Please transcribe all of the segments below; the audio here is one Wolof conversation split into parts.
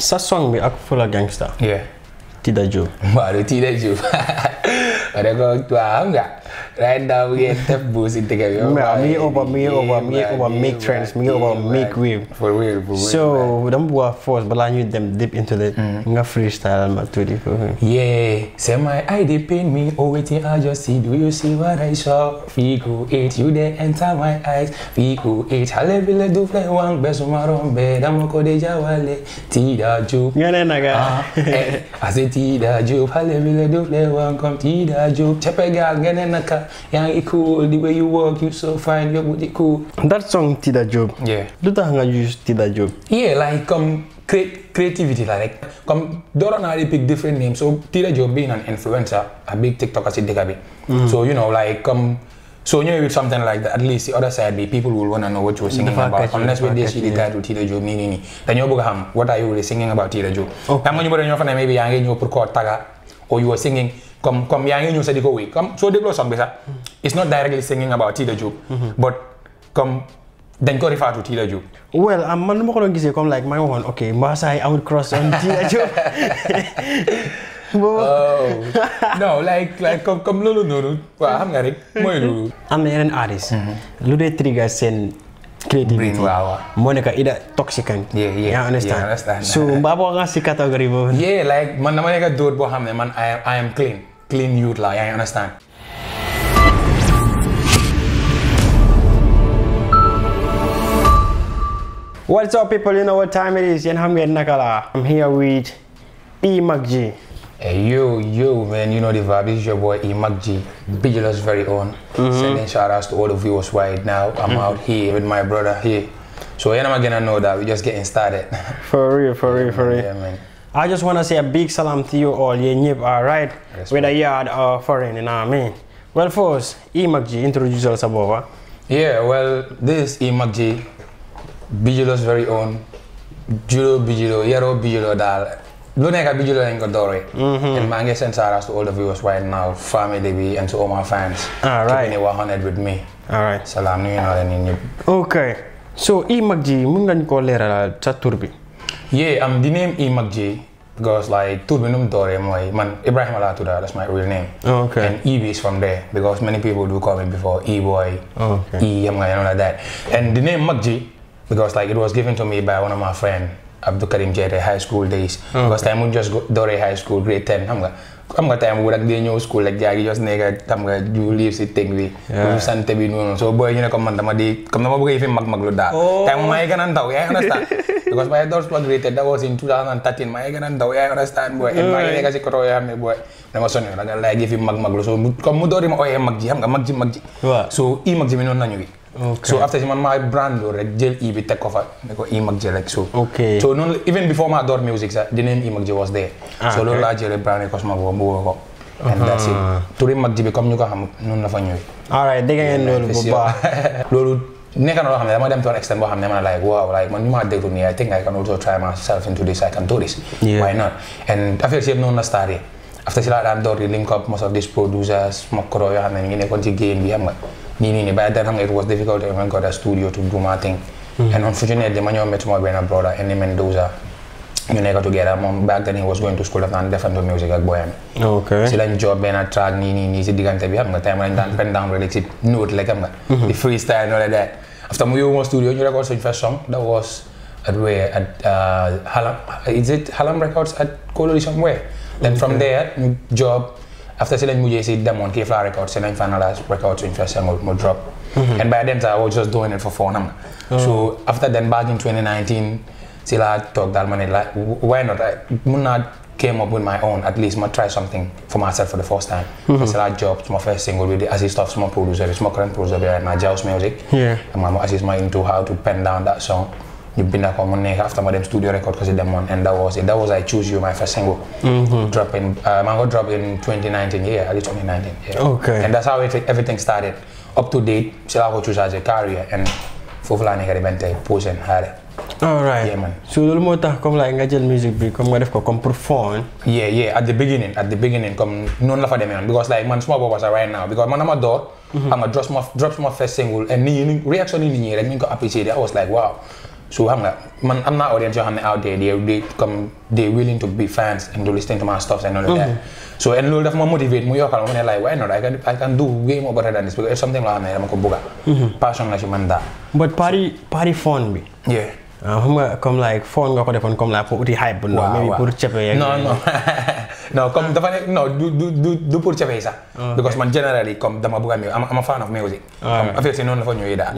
sa song bi ak Fula Gangsta. Yeah. Tidak jauh. Baru tidak jauh. Ada kau tahu nggak? right now we get tough boost in Tegavio. Me over me over me over make trends, me over make wave. For real, for real. So we don't work force, but I knew them deep into the mm. nga freestyle ma to Yeah, say my eye they pain me. Oh wait, I just see. Do you see what I saw? Fico eight, you they enter my eyes. Fico eight, hale vile do fly one best marombe. Damoko deja wale tida ju. Yana naga. Uh, eh, I say tida ju, hale vile do fly one come tida ju. Chepe gal gene naka. yang ikut the way you work you so fine your good ikut that song tidak job yeah itu tak ngaji tidak job yeah like come create creativity lah like come dorang ada pick different name so tidak job being an influencer a big tiktok asid dekabi mm. so you know like come so you know, with something like that, at least the other side, be people will want to know what you're singing about. Unless when they see the guy to Tita Joe, me, me, then you're hmm, what are you really singing about Tita Joe? Okay. I'm going to maybe you're going to put taga, or you are singing comme comme yaa ngi ñëw sa di ko wéy comme so dégloo song bi sax it's not directly singing about Tida Diop but comme dañ ko rifatu Tida job well am man nu ma ko gisee comme like my one, okay, ok mbaa saa yi cross on Tida Diop oh no, like like comme comme lulu noonu wah xam nga rek mooy loolu am na yeneen artiste mhm. lu dee trigger sen creativity wow, wow. Monica ida toxican yeah yeah I understand, yeah, understand. so mbaa boo nga si category boobu yeah like man dama nekk dóor boo xam man I am, I am clean plain nude lie, I understand. What's up people, you know what time it is, I'm I'm here with E Hey, yo, yo, man, you know the vibe. This is your boy E McG, Bigelow's very own. Mm -hmm. Sending shout outs to all the viewers right now. I'm mm -hmm. out here with my brother here. So, you know, I'm gonna know that we're just getting started. For real, for real, for real. Yeah, man. I just want to say a big salam to you all, you nyip, alright? Yes, Whether you are foreign, you know what I mean? Well, first, Imagji, introduce us about Yeah, well, this is Imagji, Bijilo's very own. Judo Bijilo, Yero Bijilo dal. Luneka nekk and Godore. ko dooree. Mm-hmm. And maa to all the viewers right now, family bi and to all my fans. Alright. Keeping it 100 with me. Alright. Salam, nuyu Okay. So, Imagji, mun ko leeralal sa tur yeah, um, the name J because like Turbinum Dore, my man Ibrahim Alatuda, that's my real name. Oh, okay. And E is from there because many people do call me before E boy, oh, okay. E and all like that. And the name Magji because like it was given to me by one of my friends. Abdul Karim Jere high school days. Oh, okay. Because I am just go Dore High School, grade 10. I'm like, am nga time bu rek day ñëw school rek yaa ngi jos nekk tam nga ju liir si teg bi bu santé bi noonu soo booyee ñu ne comme man dama di comme dama bëgg yëfi mag mag lu daal oh. time maa ngi gën a ndaw yaa ngi understand because my doors a ndaw booy maa ngi si koto yoo xam ne booy dama sonn da nga laaj yëfi mag mag lu soo comme mu doori ma ooyee mag ji xam nga mag ji mag ji so i mag ji mi noonu nañu gi ok so after si man maa brand loolu rek jël i bi teg ko fa ne ko i mag jë rek so. ok so noonu even before maa door music sax the name i mag jë was there. ah so loolu laa jëlee brand ko suma boobu mu woo ko. and that's it ah. turi mag ji bi comme ñu ko xam noonu la fa ñëwee. all right dégg ngeen loolu bu baax loolu. nekk na loo xam ne dama dem toon extent boo xam ne man like waaw like man ñu maa déglu nii I think I can also try myself into this I can do this. why not and affaire si yëpp noonu la staré after si laa daan door di link up most of these producers ma koro yoo xam ne ñu ngi nekkoon ci game bi xam nga Nini, a that time it was difficult to even got a studio to do my thing. Hmm. And unfortunately, my met my brother, Andy Mendoza. ñu nekk together moom back then he was going to school daf naan defandoo music ak booyam. ok si lañ job benn track nii nii si diggante bi xam nga time lañ daan pen down rek si note la xam nga. Hmm. after mu yóbbu ma studio ñu record suñu first song that was at where at uh, Halam Records at Kololi somewhere. then from there ñu job. after selling, lañ said, them on k fla record si finalized records, record suñ first single drop mm-hmm. and by then I was just doing it for fun oh. so after then back in 2019 si laa that money. ma why not I came up with my own at least I try something for myself for the first time mm-hmm. So I dropped my first single with the assist of small producer small current producer and I now Jaws Music yeah ma assist my into how to pen down that song ñu binda ko mu nekk after ma dem studio record ko si demoon and that was I choose you my first single. Mm-hmm. drop in uh, maa ngi drop in 2019 yeah early 2019. yeah okay and that's how a career like nga noonu la fa demee woon because like man suma bopp sax right now because man dama door. xam nga drop suma drop first single and nit ñi reaction nit ñi rek ñu ngi ko apprécier I was like wow. so xam nga man audience yoo xam ne out there they they willing to be fans and to listen to my stuff and mhm. loolu daf ma motivate mu yokkal ma ne like why not I can I can do way more a than this because it's something loo xam ne dama ko bëgga mhm. passion la ci man daal but party phone bi yeah ah, xam nga comme like phone nga ko defoon comme like pour uti hype bu ndaw maybe pour cepe yeeg non non non comme ah. dafa nekk non du du du du pour cafe yi ah. because man generally comme dama bëgg a music am a fan of music. Ah, comme affaire si noonu la fa ñëwee daal.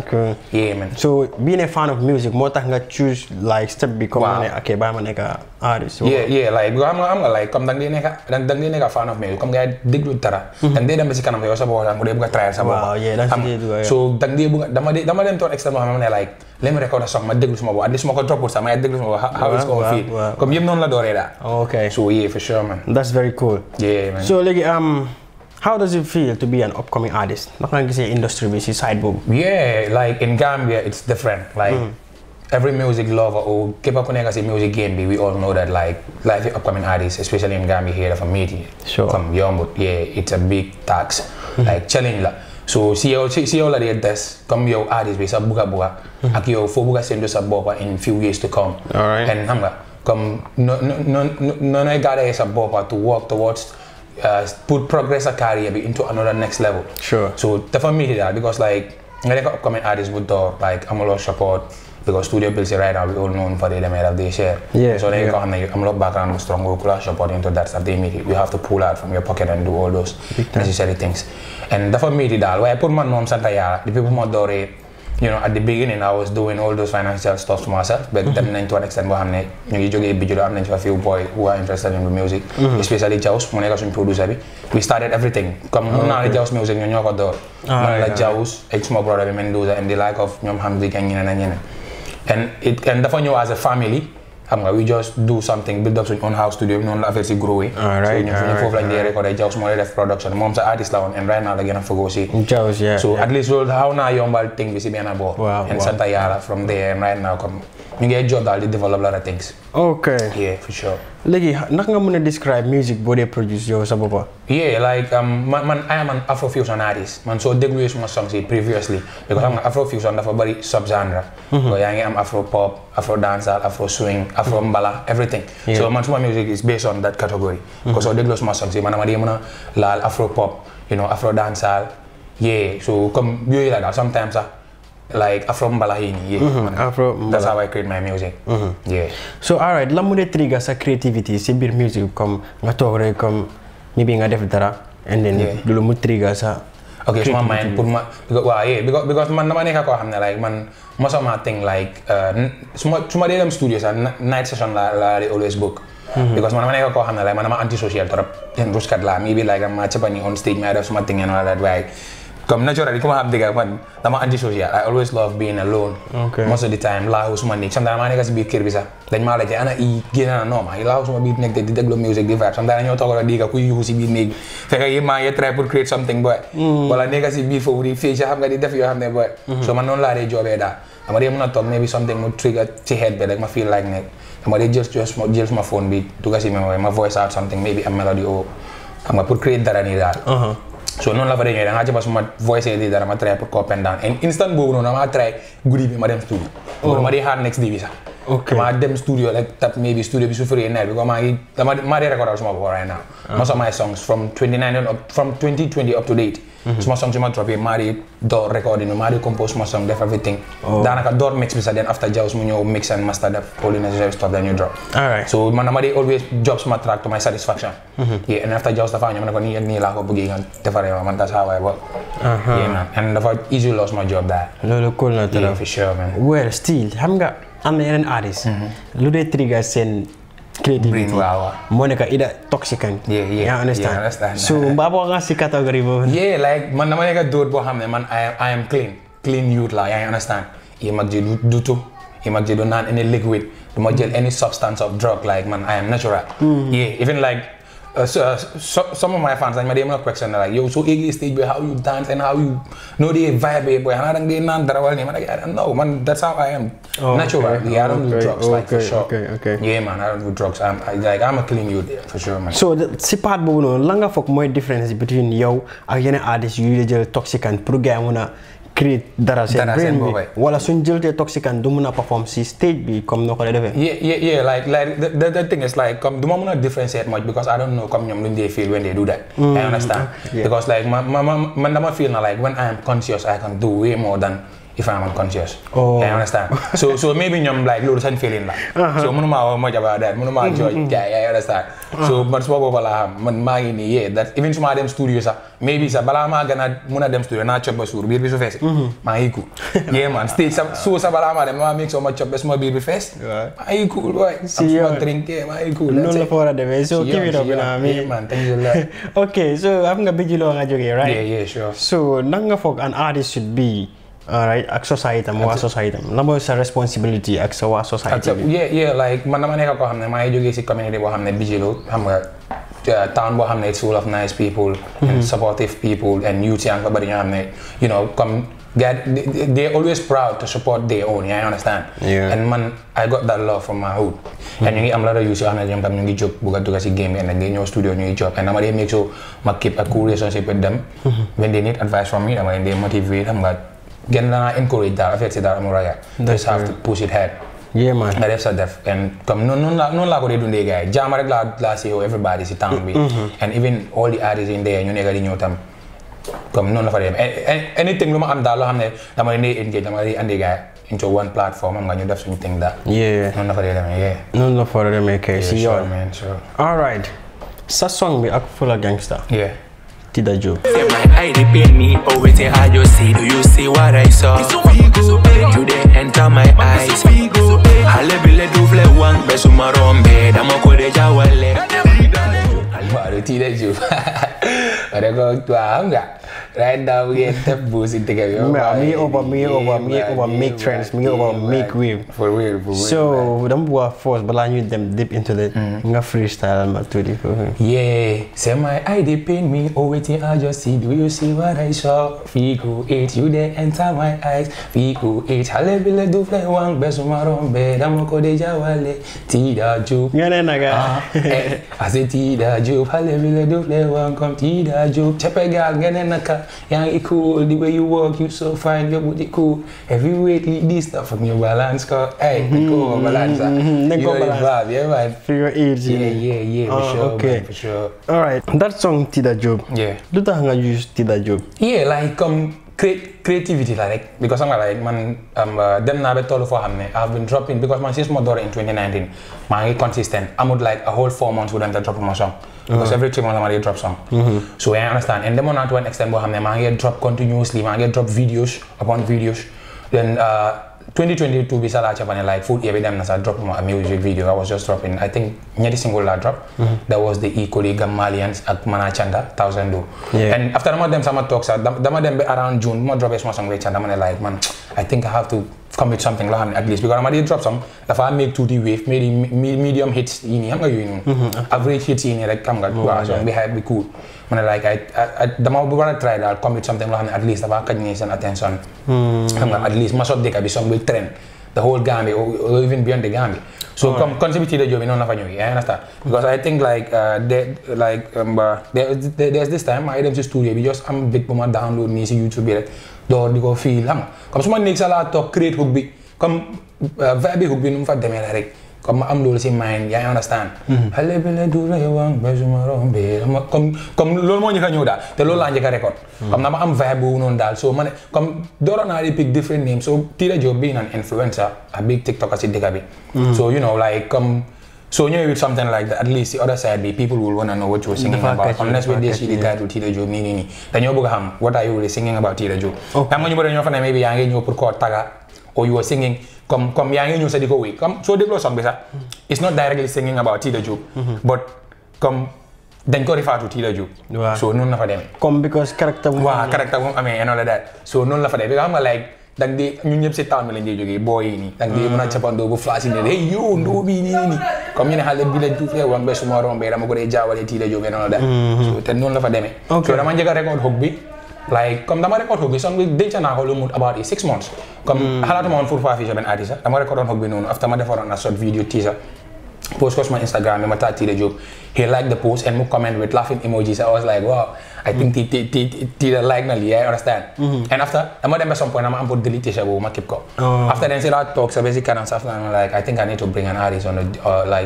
yeah man so being a fan of music moo tax nga choose like step bi. comme ma ne ok ba ma nekk artist. yeah yeah like xam nga like comme da nga nekk fan of music comme nga déglu dara. Hmm. da nga dem a trial sa bopp. waaw yeah dama dama dem toon externe xam ne like. lem record sax ma déglu suma bopp at least ma ko toppul sax ma déglu suma bopp how it's going feel comme yëpp noonu la dooree daal okay so yeah for sure man that's very cool yeah man so léegi um how does it feel to be an upcoming artist ndax nga gisee industry bi si side boobu yeah like in Gambia it's different like mm. every music lover or keep up connect as a music game we all know that like life upcoming artists especially in Gambia here from media sure from Yombut yeah it's a big tax mm-hmm. like challenge la so si yow si yow la dee des comme yow artist bi sa buga buga ak yow foo bëgg a séntu sa boppa in few years to come. all right and xam nga comme no no no nooy gaadee sa boppa to walk towards. Uh, put progress a career into another next level. Sure. So definitely meet that because like I think upcoming artists would door like I'm a lot support because studio bills right now we all known for the element of they share. Yeah. So they yeah. got like, I'm a lot background strong local support into that stuff they meet it. You have to pull out from your pocket and do all those necessary things. And definitely meet that. Where I put my mom Santa Yara, the people more door you know at the beginning I was doing all those financial stuff to myself but dem mm-hmm. nañ to an extent boo you ne you ngi jógee Bijilo am nañ a few boys who are interested in the music mm-hmm. especially Jaws mu nekk suñ producer we started everything Come on, naa Jaws music ñu ñoo the, man ah, la Jaws ak suma brother Mendoza and the like of ñoom xam di and it and dafa you as a family xam nga we just do something build up suñ own house studio noonu la affaire si growé right so ñu foofu lañ dee recordé Jaws moo lay def production moom sa artiste la woon and right now la gën a to si Jaws yeah so at least loolu xaw naa yombal thing bi si benn boor and santa yàlla from there and right now comme ñu ngi job daal di develop lot of things okay yeah for sure léegi naka nga mën describe music boo dee produce yow sa boppa yeah like um, man man I am an afrofusion artist man soo dégluwee suma songs yi previously because xam nga afrofusion dafa bëri sub genre mhm. so I am afro pop afro dancehall afro swing afro mhm. mbala everything so man music is based on that category because mhm. soo dégloo suma songs yi man I'm mën a laal afro pop you know afro dancehall yeah so comme yooyu like that sometimes sax like afro mbalahi ni yeah mm -hmm. afro mbalahi. that's how i create my music mm -hmm. yeah so all right lamu de trigger sa creativity si bir music comme nga tok rek comme ni bi nga def dara and then yeah. dulu mu trigger sa okay so my mind ma because, wa yeah because because man dama nekk ko xamne like man most of my thing like uh, suma suma de dem studio sa night session la la de always book mm-hmm. Because man, man, I come like man, I'm antisocial. Torap, then rush kat lah. Maybe like I'm a chapani on stage, I have thing and all that. Like, comme naturally ku ma xam ma man dama I always love being alone. most of the time laaxu suma nekk maa nekk si biir kër sax dañ maa laajte ana i génn na non ma biir nekk di déglu music di vibe sometimes dañoo toog la diga ku yuuxu si biir néeg bi yi maa ngi try create something boy. Hmm. Hmm. so man noonu laa dee joobee daal dama dee mën a toog maybe something mu trigger ci head bi ma feel like nekk dama dee jël suma phone a so non la fa réunion da ngaa ma ba voice di dara ma try pour ko pen down instant boobu noonu ma try guddi bi ma dem studio. ma di hard next divisa. ok damaa dem studio like tap maybe studio bi su fekkee nawet bi maa ngi record suma bopp right ah. songs from 29 up up to date. Mm-hmm. suma songs yi ma droppé maa di door recording bi maa di compose suma song def everything. Oh. daanaka door mix bi sax then after Jaws mu ñëw mix and master def all necessary stuff then you drop. so man dama always job suma track to my satisfaction. Mm-hmm. yeah after Jaws dafa am ñu ne ko nii ak laa ko bëggee nga defaree ma how I work. Uh-huh. am na yeneen mm-hmm. lu dee trigger seen creativity moo nekk ida toxicant ya, yeah, understand so mbaa boo nga si catégorie boobu yeah like man dama nekk dóor boo xam man I am clean clean youth la yaa understand yi iya, mag ji du dutu yi iya, mag ji du naan any liquid du ma jël any substance of drug like man I am natural hmm. yeah even like Uh, so, uh, so, some of my fans, I'm like, they not question like, yo, so early stage, boy, how you dance and how you know the vibe, eh, boy, and I don't they not well, like, I don't know, man, that's how I am. Oh, Natural, okay. yeah, I don't okay. do drugs, okay. like, for sure. Okay, okay. Yeah, man, I don't do drugs. I'm, I, like, I'm a clean youth, for sure, man. So, the part boobu noonu, lan nga difference between you ak yeneen artistes yu jël toxic and pour gars yi créer dara seen brain bi wala suñ jëltee toxican du mun a perform si stage bi comme noo ko lay defee yeah yeah yeah like the, thing is like comme du ma mun a differentiate much because I don't know comme ñoom luñ dee feel when they do that mm. because like ma ma man feel na like when I am conscious I can do way more than if I'm unconscious. Oh. I understand. So so maybe I'm like loolu sañ feeling lah. Uh-huh. so mënuma wax ma jabar daal mënuma judge mm-hmm. yeah yeah I understand. Uh-huh. so man suma boobu lah xam man my ngi yeah that even of them studio sa, maybe sa, balaa maa gën a mun a studio na cob ba suur biir face. su mm-hmm. fees. yeah man stage sa so sa balaa maa dem maa make sure ma cob ba suma biir bi fees. maa ngi cool si drink maa ngi cool. noonu la fa so keep ya, it up na ya. yeah man thank you a lot. so am nga bijji loo nga right. yeah yeah sure. so nanga nga an artist should be right access item or society item number is responsibility ak sa waa society yeah yeah like man dama nekk koo xam ne maa ngi community bo xamne bijilo xam nga town bo xamne it's full of nice people and mm-hmm. supportive people and youth bari nga xamne you know come Get, they, always proud to support their own, you I understand. Yeah. And man, I got that love from my hood. And mm-hmm. you am lot of you see I'm not you job buka tugas game and then your studio new job and I'm make sure I keep a cool relationship with them. Mm-hmm. When they need advice from me, I'm they motivate them but gën naa encourage daal affaire si daal amul ragal. just have to push it hard. yeah man nga def sa def and come, noonu la noonu la ko dee dundee gars yi jaama rek laa laa see everybody sit down bi. Mm-hmm. and even all the artists in there ñu nekk di ñëw tam. comme non, la fa dem anything lu ma am daal loo xam ne dama leen di engage dama leen di andi gars into one platform am nga ñu def suñu thing daal. yeah Non, la fa dee yeah. Non, la fa dee demee kay si yoon. all right sa song bi ak Fula gangster. yeah. ti dà giù. Baru tidak juga. Ada kau tua enggak? right now we at the booth in Tegavio. Me me over me over me over make trends, me over make wave. For real, for real. So don't were force, but I knew them deep into the mm. freestyle and maturi for him. Yeah, say my eye they pain me. Oh wait, I just see. Do you see what I saw? Fico eight, you they enter my eyes. Fico eight, halebile do fly one best my besumaron bed. I'm kode jawale tida ju. Yana ah, naga. Eh, I say tida ju, halebile do fly one come tida ju. Chepe gal gane naka. Yeah, it cool. The way you work, you so fine. Your body cool. Every weight, this stuff from your balance. Cause, hey, mm-hmm. mm-hmm go balance. Mm-hmm. You know balance. Vibe, yeah, man. Figure age. Yeah, yeah, yeah. For oh, sure, okay. Man, for sure. All right. That song Tida Job. Yeah. Lu tak nggak use Tida Job? Yeah, like um, create creativity like because I'm like man dem um, uh, naa ba toll foo I have been dropping because man since my door in 2019 maa ngi consistent amut like a whole four months without drop my song because uh-huh. every three months ma ngi drop song mm-hmm. so I understand and them on that one extent boo xam ne maa drop continuously maa get drop videos upon videos then uh, 2022 bi sax laa ca bane like food year bi dem na sax drop ma a music video I was just dropping I think ñetti single laa drop mm-hmm. that was the E Coli Gamalians Chanda thousand do and after dama dem sama toog around June bu ma dropee suma song Chanda ma like man I think I have to come with something loo xam at least because dama dee drop some dafa make tuuti wave medium hits yi nii xam mm-hmm. average hits yi rek xam nga oh, waaw song bi hype bi ma ne like I dama bu war a try daal commit something loo xam ne at least dafa xaj nii seen attention hmm. ma sot dëkk bi some will trend the whole Gambia or even beyond the Gambia so comme contributed to job noonu la fa ñëwee I understand because I think like uh, they, like um, uh, there's this time ma dem si studio just am bit bu ma download nii YouTube bi rek door di ko feel xam comme su ma nekk sa laa create hook bi comme uh, vibe bi bi nu mu fa demee la rek comme ma am loolu si mind yaa understand. Mhm. xale bi la du lay wax ba comme comme loolu moo njëkk a ñëw daal loolu laa njëkk a record. Mhm. xam naa ma am vibe boobu noonu daal soo ma comme dooroon naa di different names so Tira Jobe an influencer a big tiktoker si dëkk bi. Mhm. so you know like comme so ñëwee with something like that at least the other side bi people will wanna know what you're singing about unless we dey see the title Tira Jobe nii nii nii dañoo a xam what comme comme yaa ñu sa diko wuy comme so deglo song bi sax it's not directly singing about Tida Diop but comme dañ ko rifatu Tida Diop so non la fa dem comme because character waaw character bu amé amee you know la daal so non la fa demee bi nga xam nga like dang di ñun ñëpp ci town lañ di joggé boy ni nii di mëna a bu flash ni hey yo ndo bi ni ni comme ñene xalé bi lañ tuufé woon ba suma rombé dama ko dee jaawale Tida job you know la daal so té non la fa démé so dama njëkk a record hook bi like comme dama record hook bi song bi denc naa ko lu about six months comme xalaatuma hmm. woon pour faa fii benn artiste dama record hook bi noonu after ma defaroon a short video teaser post ko my Instagram bi ma taa Tire he liked the post and mu comment with laughing emojis I was like wow I think mm-hmm. ti ti ti tida like na li I understand mm-hmm. after ama dem some point am pour delete ko oh. after then sila talk sa basic kanan sa after like I think I need to bring an artist on the uh,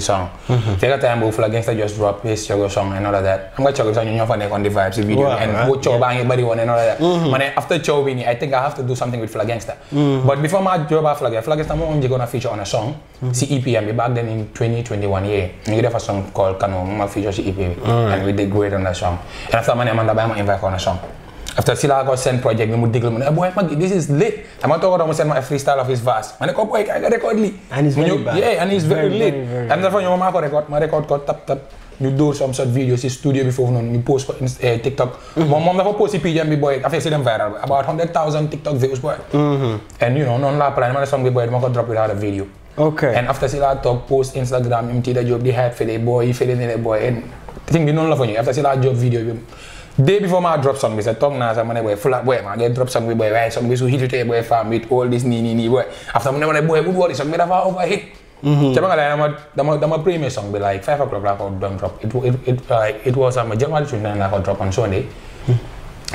song mm-hmm. take a time bo full just drop his chago song and all that am ga chago song nyo fa nek on video and wo chago bang everybody one and all that man after chago bini I think I have to do something with Flagangsta but before ma job Flagangsta Flagangsta mo on a song e a song called Kano ma e on and after ma Amanda bàyyi ma invite ko na after si laa ko seen project bi mu déglu mu ne ah, boy ma this is late toog mu seen ma a freestyle of his verse ma ko boy kay nga record lii am dafa ñëw maa ko record ma record ko tap tap ñu dóor some sort vidéo si studio bi foofu noonu ñu post ko eh, TikTok mm-hmm. moom moom dafa post si pijam bi boy affaire si dem viral about hundred thousand TikTok mm-hmm. and you know noonu laa plan ma ne song bi boy dama ko drop without a video okay teaching bi noonu la fa ñëwee après si laa job vidéo bi day before ma drop song bi sax toog naa sax ma ne booy flat booy maa drop song bi booy waaye song bi su hitutee booy faam it all this nii nii nii after mu ne ma ne booy bu woori over hit ca ba nga lay premier song like five o'clock laa ko drop it it it, uh, it was am um, January drop on Sunday mm.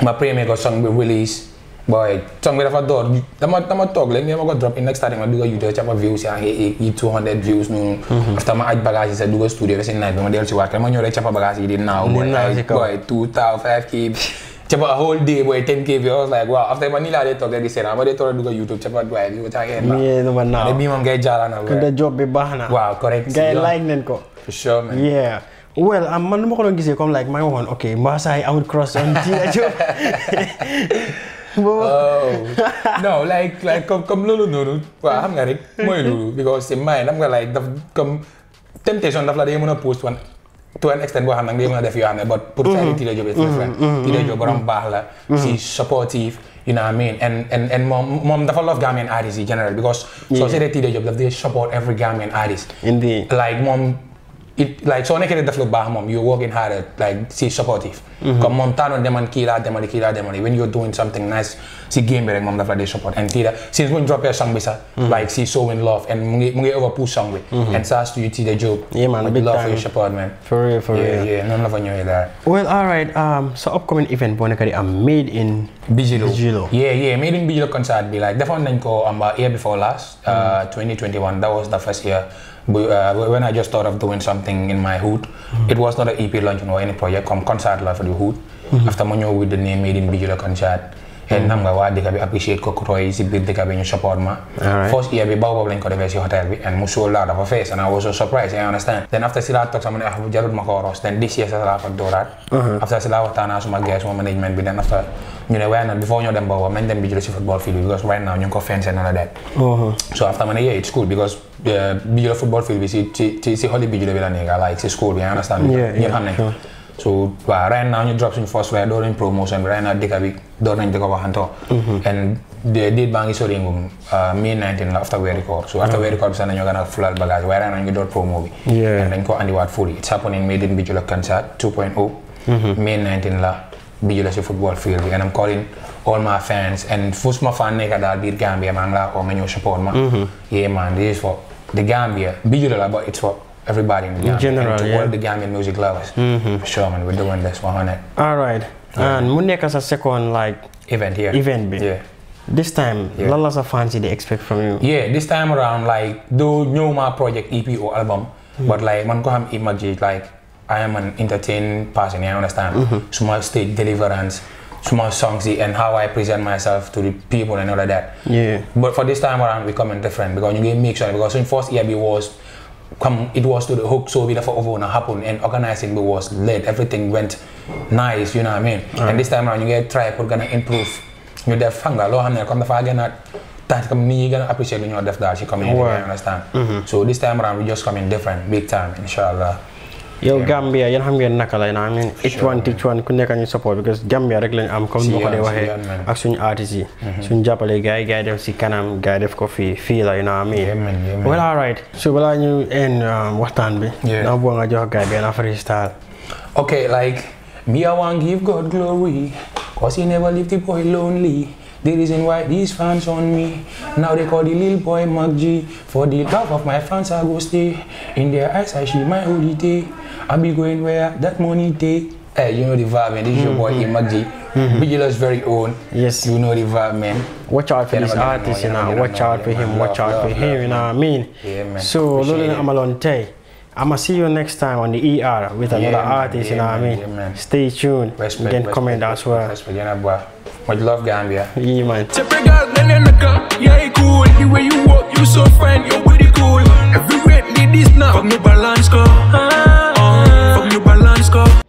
ma premier ko song release boy song bi dafa door dama dama toog léegi ne ma ko drop in next a YouTube capa views yaa ngi yi 200 views noonu mm-hmm. after ma aj bagage sa dugg a studio bi si night bi ma dellu si waat ma ñëw rek capa di naaw boy 2000 5k capa a whole day boy 10k bi I was like wow after ma nii laa dee toog rek di seetaan ma dee toog a YouTube capa boy bi ta ngeen na bii moom ngay jaala na kon de job bi baax na waaw correct ngay like nañ ko ma ko doon gisee comme like maa ngi waxoon ok mbaa saa yi I would cross on non like like comme comme loolu noonu. waaw xam nga rek mooy loolu. because si mind xam nga like temptation daf la day mën a pousse wan. to an extent boo xam nag day mën a def yoo xam ne but pour sari Tida Jobe la si supportive you know what I mean and and and moom moom dafa love Gambian artists in general because soo seetee Tida Jobe daf dee support every Gambian artist indeed like it like soo nekkee the flow baax moom you working harder like si supportive. comme moom taanoon demal kii laa and kill laa demali when you are doing something nice si game bi rek moom daf la dee support and Tida since buñ droppee song bi sax. Mm-hmm. like si showing love and mu over push song bi. Mm-hmm. and saas to you the Jobe. yeah man big love for your support man. for real for real yeah yeah noonu la fa ñëwee daal. well all right um, so upcoming event bonakari i am um, made in. Bijilo Bijilo yeah yeah made in Bijilo concert bi like defoon nañ ko am year before last. Uh, mm-hmm. 2021 that was the first year uh, when I just thought of doing something in my hood, mm-hmm. it was not an EP launch or any project, Come concert life for the hood. Mm-hmm. After mo with the name Made in Bijula concert, Mm-hmm. and xam nga waa dëkk bi appreciate ko roy si biir dëkk bi ñu support ma first year bi baw boobu lañ ko defee si hotel bi and mu soo laa dafa fees and I was so surprised I understand then after si laa toog sama ne ah jarul ma ko roos then this year sa laa ko dooraat uh-huh. after si laa waxtaanaa suma gars suma management bi then after ñu ne waaye nag before ñoo dem baw boobu nañ dem bi jël si football field bi because right now ñu ngi ko fence na la that uh-huh. so after ma ne yeah it's cool because uh, bi jël football field bi si si si si holi bi jël bi la nekk like si school bi I understand ñëpp xam ne so waaw right now ñu drop suñu first waaye door nañ promotion bi right now dëkk bi door nañ di ko waxantoo mhm. and de date baa ngi sori ngum ah, mai 19 la after weeri koor so after mhm. weeri koor bi sax nañoo gën a fulal bagage waaye right now door promo bi dañ ko andiwaat fully it's happening made in Bijula Kansas 2.0 mai 19 la Bijula si football field bi and I'm calling all my fans and fu suma fan nekk daal biir Gambia maa ngi laa oo nga ñëw everybody in the in general, to yeah. all the Gambian music lovers. Mm -hmm. For sure, man, we're doing this 100. All right. Yeah. And Muneka as a second like event here. Event bit. Yeah. This time, yeah. lot of fancy they expect from you. Yeah, this time around, like do no my project EP or album, mm -hmm. but like man go have image like I am an entertaining person. I understand. Mm -hmm. So my stage deliverance small songs and how I present myself to the people and all of that. Yeah. But for this time around, we are coming different because you get mixed. because in first year we was come it was to the hook so we for over happen and organizing was late everything went nice you know what I mean right. and this time around you get try we're gonna improve your def fanga nga come xam again comme dafa come a tax comme nit ñi gën a apprécier lu ñoo def daal si community you understand mm-hmm. so this time around we just come in different big time inshallah Yo, Gambia yéen xam ngeen naka lay naa amee. each one each one ku nekk support because Gambia rek lañ am. comme ni ma ko dee waxee ah, ak suñu artistes yi. Mhm. suñu jàppale gars yi gars yi def si kanam gars yi def ko fii fii la you know what I mean. well all right so balaa ñu en um, waxtaan bi. naa bëgg nga jox gars yi benn freestyle. okay like me I want give God glory cause he never leave the boy lonely. The reason why these fans on me Now they call the little boy Mac G For the love of my fans I go stay In their eyes I see my holiday I be going where that money day. Hey, eh, you know the vibe, man. This is your boy Imag G. Vigila's very own. Yes. You know the vibe, man. Watch out for this artist, you know. Watch out for him. Watch out for him, you know what I mean? Yeah, man. So, Lulu Amalonte. I'ma see you next time on the ER with another yeah, artist, you know what I mean? Yeah, Stay tuned. Respect, you can comment as well. Respect, you know, Much love, Gambia. Yeah, man. Yeah, cool. you walk, you so fine. cool. Everywhere need this now. Fuck me balance, girl. Uh-huh. New Balance go.